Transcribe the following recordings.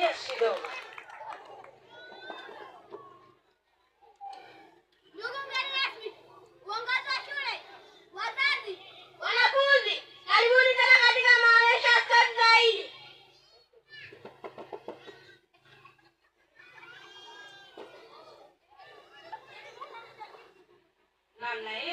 নিয়ে আসছি দৌড় namna hiyo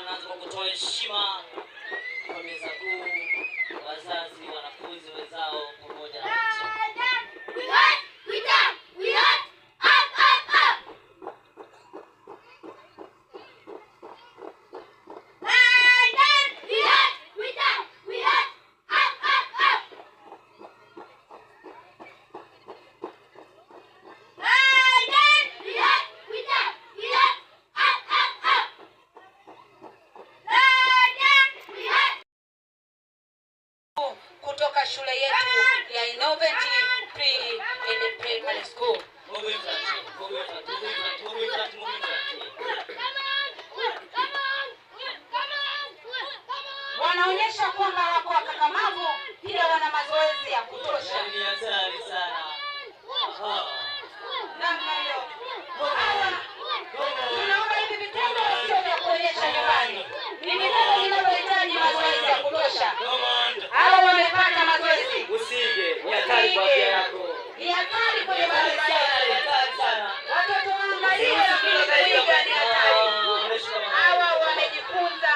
wanaanza kwa kutoa heshima kwa meza kuu, wazazi, wanafunzi wenzao pamoja na kutoka shule yetu ya Innovative Pre and Primary School. Wanaonyesha kwamba wako wakakamavu, ila wana mazoezi ya kutosha. Tunaomba hivi vitendo sio vya kuonyesha nyumbani, ni vitendo vinavyohitaji mazoezi ya kutosha ni kwenye Watoto waangalie Hawa wamejifunza,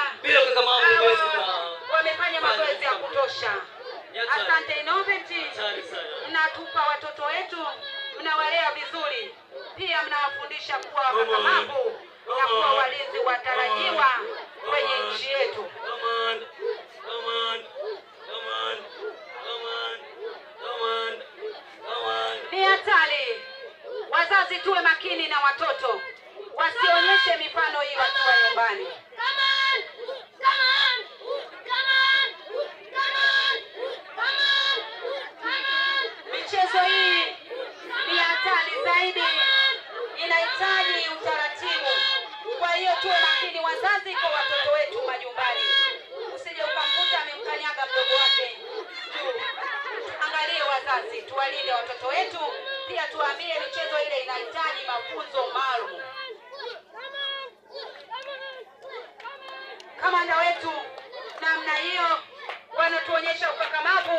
wamefanya mazoezi ya kutosha. Asante Innovate, mnatupa watoto wetu, mnawalea vizuri, pia mnawafundisha kuwa wakakamavu na kuwa walinzi watarajiwa kwenye Wazazi tuwe makini na watoto, wasionyeshe mifano hii wakiwa nyumbani. Michezo hii ni hatari zaidi, inahitaji utaratibu. Kwa hiyo tuwe makini wazazi kwa watoto wetu majumbani, usije ukamkuta amemkanyaga mdogo wake juu. Angalie wazazi, tuwalinde watoto wetu pia tuambie michezo ile inahitaji mafunzo maalum. Kamanda wetu namna hiyo wanatuonyesha ukakamavu.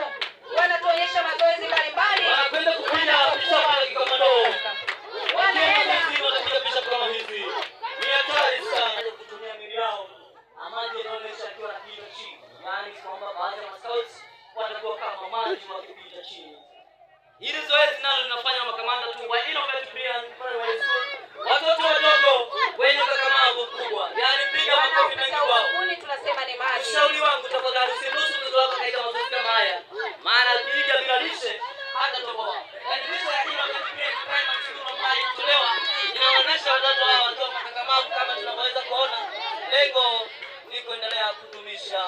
Hili zoezi nalo linafanya makamanda Innovative School watoto wadogo wenye kakamavu kubwa, yaani piga makofi mengi kwao. Tunasema ni maji. Ushauri wangu tafadhali, mtoto wako kaita mazoezi kama haya, maana piga bila lishe hata toboa. ya Innovative Primary School ambayo watoto hawa makakamavu kama tunavyoweza kuona, lengo ni kuendelea kudumisha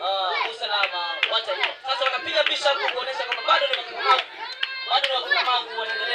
uh, usalama Wacha hiyo. Sasa wanapiga bisha kuonyesha kwamba bado ni wakakamavu. Bado ni wakakamavu wanaendelea